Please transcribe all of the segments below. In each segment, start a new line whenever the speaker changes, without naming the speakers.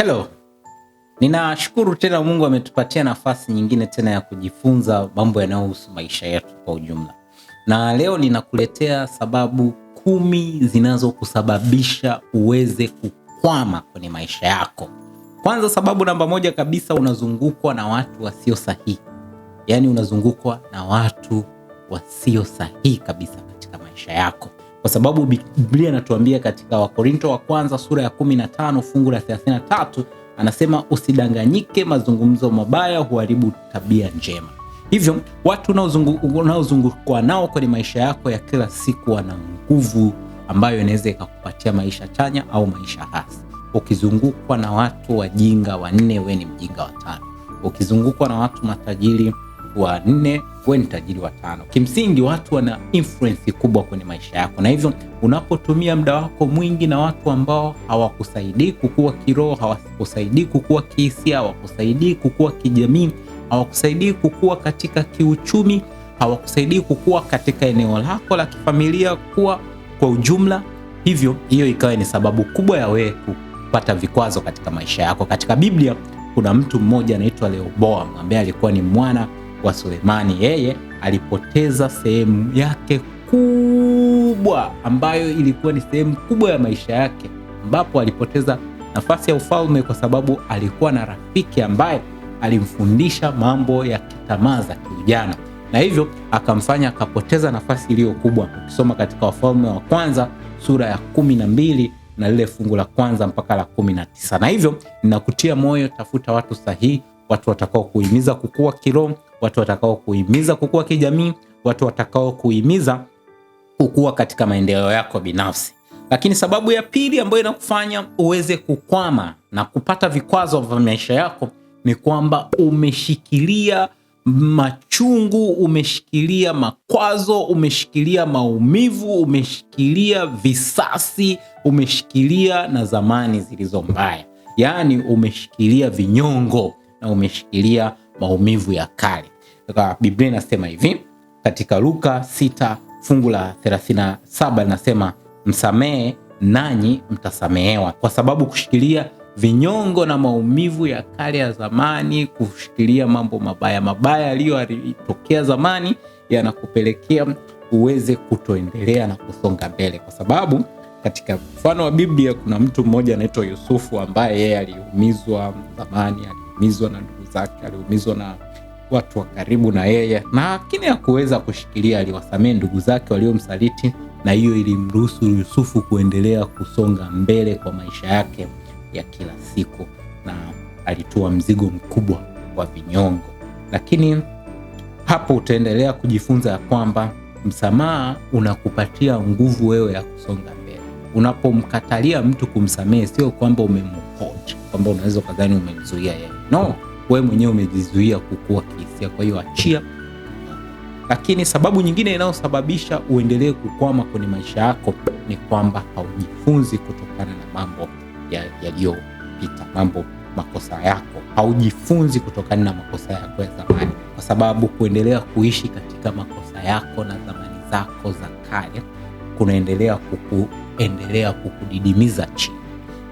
Hello. Ninashukuru tena Mungu ametupatia nafasi nyingine tena ya kujifunza mambo yanayohusu maisha yetu kwa ujumla. Na leo ninakuletea sababu kumi zinazokusababisha uweze kukwama kwenye maisha yako. Kwanza, sababu namba moja kabisa, unazungukwa na watu wasio sahihi. Yaani unazungukwa na watu wasio sahihi kabisa katika maisha yako kwa sababu Biblia inatuambia katika Wakorinto wa kwanza sura ya 15 fungu la 33 anasema usidanganyike, mazungumzo mabaya huharibu tabia njema. Hivyo watu unaozungukwa nao kwenye maisha yako ya kila siku wana nguvu ambayo inaweza ikakupatia maisha chanya au maisha hasi. Ukizungukwa na watu wajinga wanne, we ni mjinga tano. Ukizungukwa na watu matajiri wa nne, wewe ni tajiri wa tano. Kimsingi watu wana influence kubwa kwenye maisha yako, na hivyo unapotumia muda wako mwingi na watu ambao hawakusaidii kukua kiroho, hawakusaidii kukua kihisia, hawakusaidii kukua kijamii, hawakusaidii kukua katika kiuchumi, hawakusaidii kukua katika eneo lako la kifamilia kuwa kwa ujumla, hivyo hiyo ikawa ni sababu kubwa ya wewe kupata vikwazo katika maisha yako. Katika Biblia kuna mtu mmoja anaitwa Rehoboamu ambaye alikuwa ni mwana wa Sulemani. Yeye alipoteza sehemu yake kubwa ambayo ilikuwa ni sehemu kubwa ya maisha yake, ambapo alipoteza nafasi ya ufalme kwa sababu alikuwa na rafiki ambaye alimfundisha mambo ya kitamaa za kiujana na hivyo akamfanya akapoteza nafasi iliyo kubwa. Ukisoma katika Wafalme wa Kwanza sura ya kumi na mbili na lile fungu la kwanza mpaka la kumi na tisa. Na hivyo ninakutia moyo, tafuta watu sahihi watu watakao kuhimiza kukua kiroho, watu watakao kuhimiza kukua kijamii, watu watakao kuhimiza kukua katika maendeleo yako binafsi. Lakini sababu ya pili ambayo inakufanya uweze kukwama na kupata vikwazo vya maisha yako ni kwamba umeshikilia machungu, umeshikilia makwazo, umeshikilia maumivu, umeshikilia visasi, umeshikilia na zamani zilizo mbaya, yaani umeshikilia vinyongo na umeshikilia maumivu ya kale. Biblia inasema hivi katika Luka 6 fungu la 37 linasema, msamehe nanyi mtasamehewa, kwa sababu kushikilia vinyongo na maumivu ya kale ya zamani, kushikilia mambo mabaya mabaya yaliyotokea zamani yanakupelekea uweze kutoendelea na kusonga mbele, kwa sababu katika mfano wa Biblia kuna mtu mmoja anaitwa Yusufu ambaye yeye aliumizwa zamani ali aliumizwa na ndugu zake, aliumizwa na watu wa karibu na yeye, lakini hakuweza kushikilia. Aliwasamehe ndugu zake waliomsaliti, na hiyo ilimruhusu Yusufu kuendelea kusonga mbele kwa maisha yake ya kila siku, na alitoa mzigo mkubwa wa vinyongo. Lakini hapo utaendelea kujifunza ya kwamba msamaha unakupatia nguvu wewe ya kusonga mbele. Unapomkatalia mtu kumsamehe, sio kwamba umemhoji, kwamba unaweza ukadhani umemzuia yeye No, wewe mwenyewe umejizuia kukua kihisia, kwa hiyo achia. Lakini sababu nyingine inayosababisha uendelee kukwama kwenye maisha yako ni kwamba haujifunzi kutokana na mambo yaliyopita, ya mambo makosa yako, haujifunzi kutokana na makosa yako ya zamani, kwa sababu kuendelea kuishi katika makosa yako na zamani zako za kale kunaendelea kukuendelea kukudidimiza chini,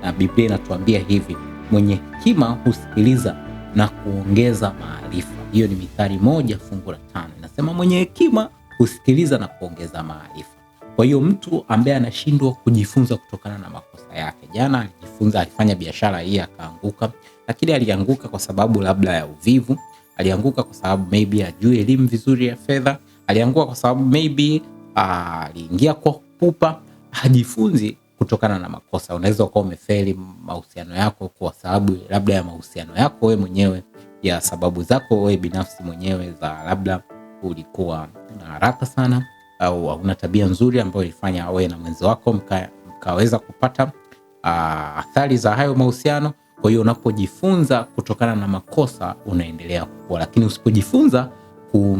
na Biblia inatuambia hivi mwenye hima husikiliza na kuongeza maarifa. Hiyo ni Mithali moja fungu la tano inasema, mwenye hekima husikiliza na kuongeza maarifa. Kwa hiyo mtu ambaye anashindwa kujifunza kutokana na makosa yake, jana alijifunza, alifanya biashara hii akaanguka, lakini alianguka kwa sababu labda ya uvivu, alianguka kwa sababu maybe ajui elimu vizuri ya fedha, alianguka kwa sababu maybe ah, aliingia kwa kupupa, hajifunzi kutokana na makosa. Unaweza ukawa umefeli mahusiano yako kwa sababu labda ya mahusiano yako wewe mwenyewe, ya sababu zako wewe binafsi mwenyewe za labda ulikuwa na haraka sana au una tabia nzuri ambayo ilifanya wewe na mwenzi wako mka, mkaweza kupata uh, athari za hayo mahusiano. Kwa hiyo unapojifunza kutokana na makosa unaendelea kukua, lakini usipojifunza ku,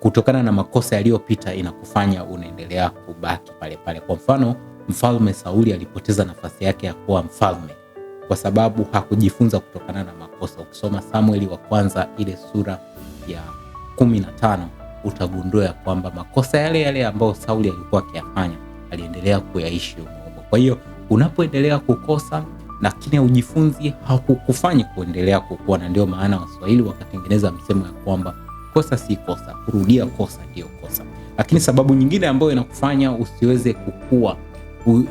kutokana na makosa yaliyopita inakufanya unaendelea kubaki pale pale. Kwa mfano Mfalme Sauli alipoteza nafasi yake ya kuwa mfalme kwa sababu hakujifunza kutokana na makosa. Ukisoma Samueli wa kwanza ile sura ya kumi na tano utagundua ya kwamba makosa yale yale ambayo Sauli alikuwa akiyafanya aliendelea kuyaishi humo. Kwa hiyo unapoendelea kukosa lakini haujifunzi, hakukufanyi kuendelea kukua, na ndio maana Waswahili wakatengeneza msemo ya kwamba kosa si kosa, kurudia kosa ndiyo kosa. Lakini sababu nyingine ambayo inakufanya usiweze kukua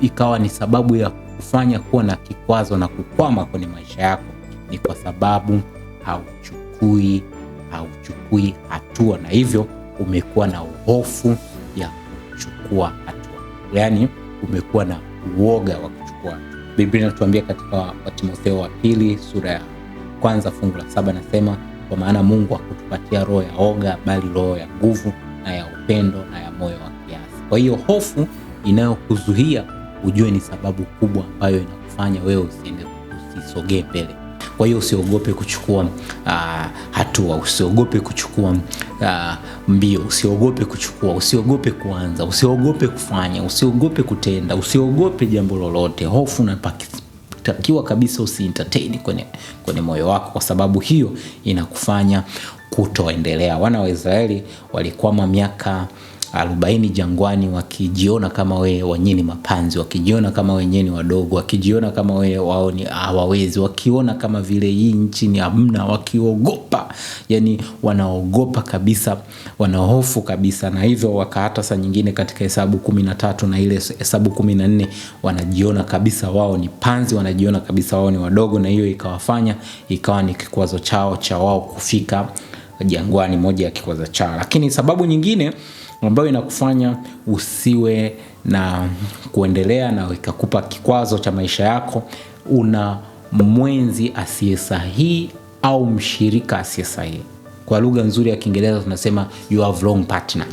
ikawa ni sababu ya kufanya kuwa na kikwazo na kukwama kwenye maisha yako, ni kwa sababu hauchukui hauchukui hatua, na hivyo umekuwa na hofu ya kuchukua hatua, yaani umekuwa na uoga wa kuchukua hatua. Biblia inatuambia katika watimotheo wa pili sura ya kwanza fungu la saba nasema, kwa maana Mungu hakutupatia roho ya oga, bali roho ya nguvu na ya upendo na ya moyo wa kiasi. Kwa hiyo hofu inayokuzuia ujue ni sababu kubwa ambayo inakufanya wewe usiende usisogee mbele. Kwa hiyo usiogope kuchukua uh, hatua, usiogope kuchukua uh, mbio, usiogope kuchukua, usiogope kuanza, usiogope kufanya, usiogope kutenda, usiogope jambo lolote. Hofu na takiwa kabisa usi entertain kwenye, kwenye moyo wako, kwa sababu hiyo inakufanya kutoendelea. Wana wa Israeli walikwama miaka arobaini jangwani wakijiona kama wee wenyewe ni mapanzi, wakijiona kama wenyewe ni wadogo, wakijiona kama wee wao ni ah, hawawezi, wakiona kama vile hii nchi ni hamna, wakiogopa, yani wanaogopa kabisa, wanahofu kabisa, na hivyo wakahata saa nyingine katika Hesabu kumi na tatu na ile Hesabu kumi na nne wanajiona kabisa wao ni panzi, wanajiona kabisa wao ni wadogo, na hiyo ikawafanya ikawa ni kikwazo chao cha wao kufika jangwani, moja ya kikwazo chao. Lakini sababu nyingine ambayo inakufanya usiwe na kuendelea na ikakupa kikwazo cha maisha yako. Una mwenzi asiye sahihi au mshirika asiye sahihi. Kwa lugha nzuri ya Kiingereza tunasema you have wrong partner,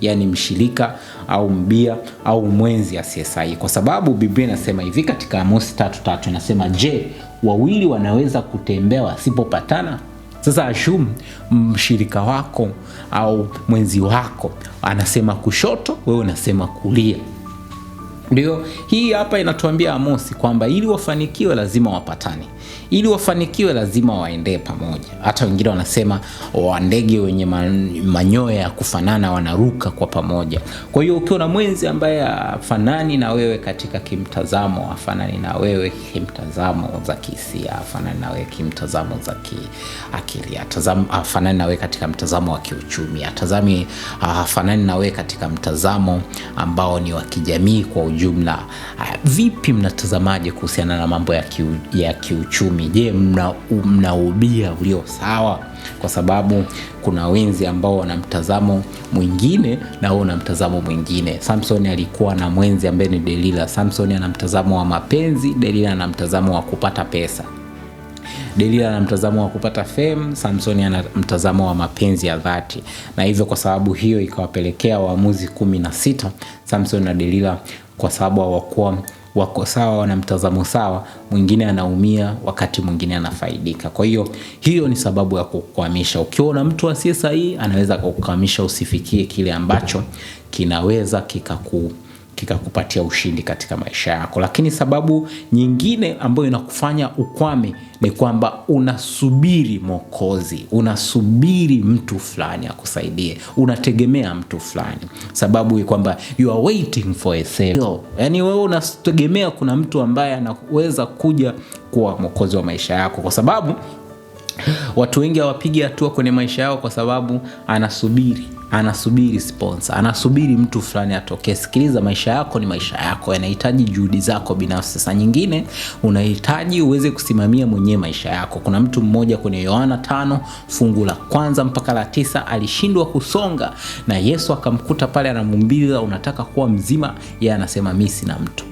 yaani mshirika au mbia au mwenzi asiye sahihi, kwa sababu Biblia inasema hivi katika Amosi tatutatu inasema, je, wawili wanaweza kutembea wasipopatana? Sasa ashum mshirika wako au mwenzi wako anasema kushoto, wewe unasema kulia. Ndio hii hapa inatuambia Amosi kwamba ili wafanikiwe lazima wapatane, ili wafanikiwe lazima waendee pamoja. Hata wengine wanasema oh, ndege wenye manyoya ya kufanana wanaruka kwa pamoja. Kwa hiyo ukiwa na mwenzi ambaye afanani na wewe katika kimtazamo, afanani na wewe kimtazamo za kihisia, afanani na wewe kimtazamo za kiakili, afanani na wewe katika mtazamo wa kiuchumi, atazami, afanani na wewe katika mtazamo ambao ni wa kijamii kwa ujumla. Vipi mnatazamaje kuhusiana na mambo ya, kiu, ya kiuchumi? Je, mna, mna ubia ulio sawa? Kwa sababu kuna wenzi ambao wana mtazamo mwingine na wao wana mtazamo mwingine. Samson alikuwa na mwenzi ambaye ni Delila. Samson ana mtazamo wa mapenzi, Delila ana mtazamo wa kupata pesa. Delila ana mtazamo wa kupata fame, Samson ana mtazamo wa mapenzi ya dhati, na hivyo kwa sababu hiyo ikawapelekea waamuzi kumi na sita Samson na Delila kwa sababu hawakuwa wako sawa, wana mtazamo sawa. Mwingine anaumia wakati mwingine anafaidika. Kwa hiyo hiyo ni sababu ya kukwamisha. Ukiwa na mtu asiye sahihi, anaweza kukwamisha usifikie kile ambacho kinaweza kikakuu kupatia ushindi katika maisha yako. Lakini sababu nyingine ambayo inakufanya ukwame ni kwamba unasubiri Mwokozi, unasubiri mtu fulani akusaidie, unategemea mtu fulani. Sababu ni kwamba you are waiting for a savior, yani wewe unategemea kuna mtu ambaye anaweza kuja kuwa mwokozi wa maisha yako, kwa sababu watu wengi hawapigi hatua kwenye maisha yao kwa sababu anasubiri anasubiri sponsor, anasubiri mtu fulani atokee. Sikiliza, maisha yako ni maisha yako, yanahitaji juhudi zako binafsi. Saa nyingine unahitaji uweze kusimamia mwenyewe maisha yako. Kuna mtu mmoja kwenye Yohana tano fungu la kwanza mpaka la tisa alishindwa kusonga, na Yesu akamkuta pale, anamumbiza unataka kuwa mzima? Yeye anasema mimi sina mtu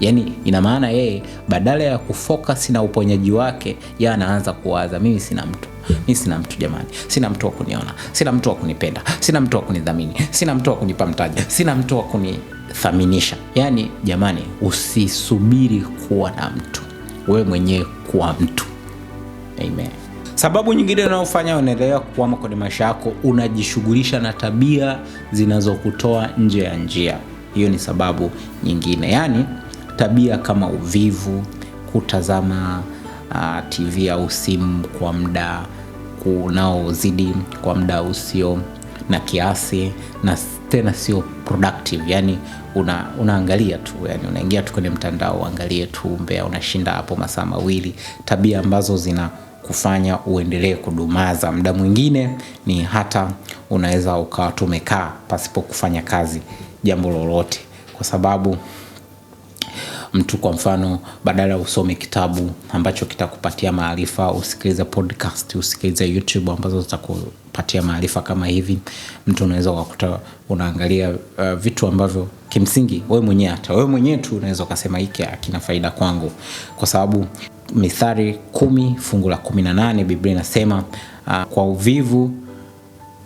Yaani ina maana yeye badala ya kufocus na uponyaji wake, yeye anaanza kuwaza mimi sina mtu, mimi sina mtu jamani, sina mtu wa kuniona, sina mtu wa kunipenda, sina mtu wa kunidhamini, sina mtu wa kunipa mtaji, sina mtu wa kunithaminisha. Yaani jamani, usisubiri kuwa na mtu, we mwenyewe kuwa mtu. Amen. Sababu nyingine inayofanya unaendelea kukwama kwenye maisha yako, unajishughulisha na tabia zinazokutoa nje ya njia. Hiyo ni sababu nyingine, yaani tabia kama uvivu, kutazama uh, ah, TV au simu kwa muda kunaozidi kwa muda usio na kiasi na tena sio productive, yani una, unaangalia tu yani unaingia tu kwenye mtandao uangalie tu mbea, unashinda hapo masaa mawili, tabia ambazo zina kufanya uendelee kudumaza. Muda mwingine ni hata unaweza ukawa tumekaa pasipo kufanya kazi jambo lolote, kwa sababu mtu kwa mfano, badala ya usome kitabu ambacho kitakupatia maarifa, usikilize podcast, usikilize YouTube ambazo zitakupatia maarifa kama hivi. Mtu unaweza ukakuta unaangalia uh, vitu ambavyo kimsingi wewe mwenyewe hata wewe mwenyewe tu unaweza ukasema hiki hakina faida kwangu, kwa sababu mithari kumi fungu la kumi na nane Biblia inasema uh, kwa uvivu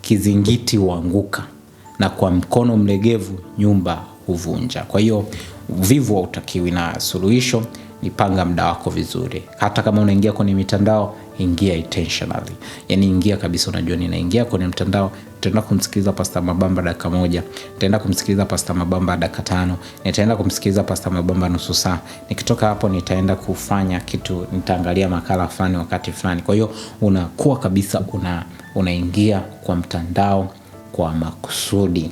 kizingiti huanguka na kwa mkono mlegevu nyumba huvunja. Kwa hiyo uvivu hautakiwi, na suluhisho ni panga muda wako vizuri. Hata kama unaingia kwenye mitandao, ingia intentionally, yani ingia kabisa, unajua ninaingia kwenye mtandao, nitaenda kumsikiliza Pasta Mabamba dakika moja, nitaenda kumsikiliza Pasta Mabamba dakika tano, nitaenda kumsikiliza Pasta Mabamba nusu saa. Nikitoka hapo, nitaenda kufanya kitu, nitaangalia makala fulani wakati fulani. Kwa hiyo unakuwa kabisa una, unaingia kwa mtandao kwa makusudi.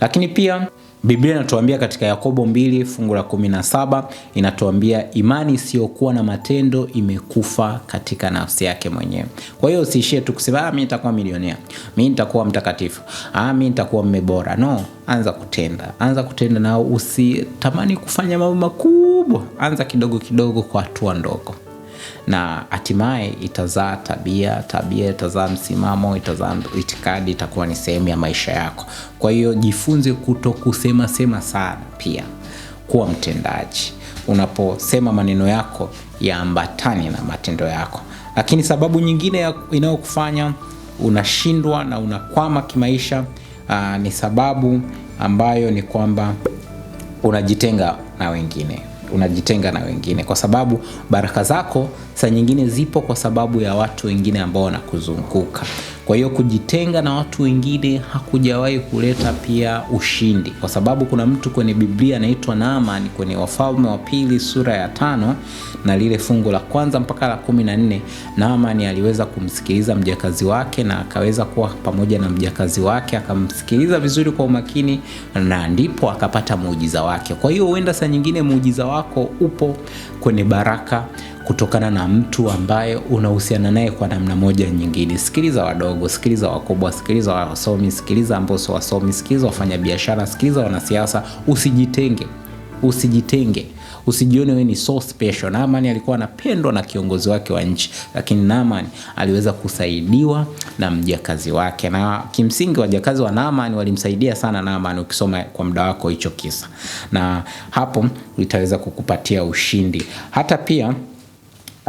Lakini pia Biblia inatuambia katika Yakobo mbili fungu la kumi na saba inatuambia imani isiyokuwa na matendo imekufa katika nafsi yake mwenyewe. Kwa hiyo usiishie tu kusema mi ah, mimi nitakuwa milionea, mimi nitakuwa mtakatifu, ah, mimi nitakuwa mme bora. No, anza kutenda, anza kutenda na usitamani kufanya mambo makubwa, anza kidogo kidogo kwa hatua ndogo na hatimaye itazaa tabia, tabia itazaa msimamo, itazaa itikadi, itakuwa ni sehemu ya maisha yako. Kwa hiyo jifunze kuto kusema sema sana, pia kuwa mtendaji. Unaposema maneno yako yaambatane na matendo yako. Lakini sababu nyingine inayokufanya unashindwa na unakwama kimaisha aa, ah, ni sababu ambayo ni kwamba unajitenga na wengine unajitenga na wengine, kwa sababu baraka zako saa nyingine zipo kwa sababu ya watu wengine ambao wanakuzunguka. Kwa hiyo kujitenga na watu wengine hakujawahi kuleta pia ushindi, kwa sababu kuna mtu kwenye Biblia anaitwa Naamani kwenye Wafalme wa Pili sura ya tano na lile fungu la kwanza mpaka la kumi na nne. Naamani aliweza kumsikiliza mjakazi wake na akaweza kuwa pamoja na mjakazi wake, akamsikiliza vizuri kwa umakini, na ndipo akapata muujiza wake. Kwa hiyo huenda saa nyingine muujiza wako upo kwenye baraka kutokana na mtu ambaye unahusiana naye kwa namna moja nyingine. Sikiliza wadogo, sikiliza wakubwa, sikiliza wasomi, sikiliza ambao sio wasomi, sikiliza wafanyabiashara, sikiliza wanasiasa. Usijitenge, usijitenge, usijione wewe ni so special. Naamani alikuwa anapendwa na kiongozi wake wa nchi, lakini Naamani aliweza kusaidiwa na mjakazi wake, na kimsingi wajakazi wa Naamani walimsaidia sana Naamani, ukisoma kwa muda wako hicho kisa, na hapo itaweza kukupatia ushindi hata pia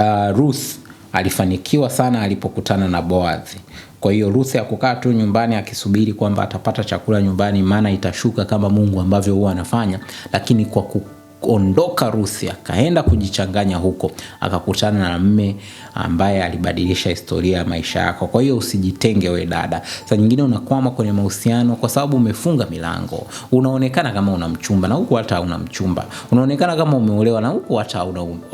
uh, Ruth alifanikiwa sana alipokutana na Boazi. Kwa hiyo Ruth hakukaa tu nyumbani akisubiri kwamba atapata chakula nyumbani, maana itashuka kama Mungu ambavyo huwa anafanya, lakini kwa kuondoka Rusi akaenda kujichanganya huko, akakutana na mme ambaye alibadilisha historia ya maisha yako. Kwa hiyo usijitenge we dada. Saa nyingine unakwama kwenye mahusiano kwa sababu umefunga milango, unaonekana kama una mchumba na huku hata hauna mchumba, unaonekana kama umeolewa na huku hata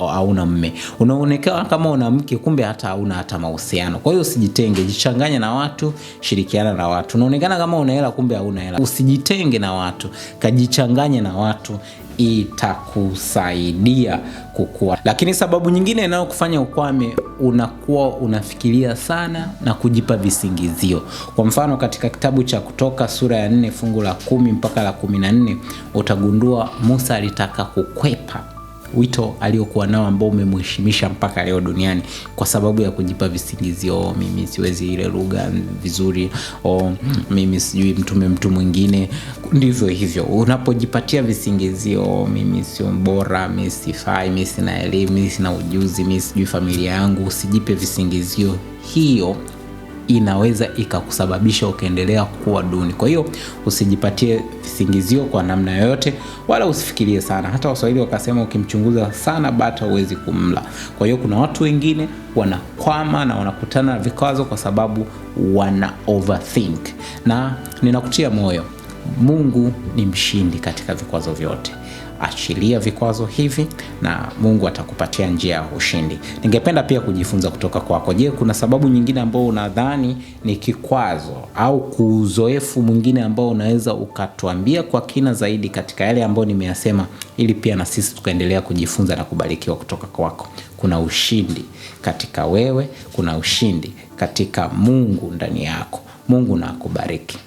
hauna mme, unaonekana kama una mke, kumbe hata hauna hata mahusiano. Kwa hiyo usijitenge, jichanganya na watu, shirikiana na watu. Unaonekana kama una hela, kumbe hauna hela. Usijitenge na watu, kajichanganye na watu itakusaidia kukua. Lakini sababu nyingine inayokufanya ukwame, unakuwa unafikiria sana na kujipa visingizio. Kwa mfano, katika kitabu cha Kutoka sura ya nne fungu la kumi mpaka la kumi na nne utagundua Musa alitaka kukwepa wito aliokuwa nao ambao umemheshimisha mpaka leo duniani kwa sababu ya kujipa visingizio oh, mimi siwezi ile lugha vizuri oh, mimi sijui mtume mtu mwingine ndivyo hivyo unapojipatia visingizio oh, mimi sio bora mi sifai mi sina elimu mi sina ujuzi mi sijui familia yangu usijipe visingizio hiyo inaweza ikakusababisha ukaendelea kuwa duni. Kwa hiyo usijipatie visingizio kwa namna yoyote, wala usifikirie sana. Hata Waswahili wakasema ukimchunguza sana bata huwezi kumla. Kwa hiyo kuna watu wengine wanakwama na wanakutana na vikwazo kwa sababu wana overthink, na ninakutia moyo, Mungu ni mshindi katika vikwazo vyote achilia vikwazo hivi na Mungu atakupatia njia ya ushindi. Ningependa pia kujifunza kutoka kwako. Je, kuna sababu nyingine ambayo unadhani ni kikwazo au kuuzoefu mwingine ambao unaweza ukatuambia kwa kina zaidi katika yale ambayo nimeyasema, ili pia na sisi tukaendelea kujifunza na kubarikiwa kutoka kwako. Kuna ushindi katika wewe, kuna ushindi katika Mungu ndani yako. Mungu na akubariki.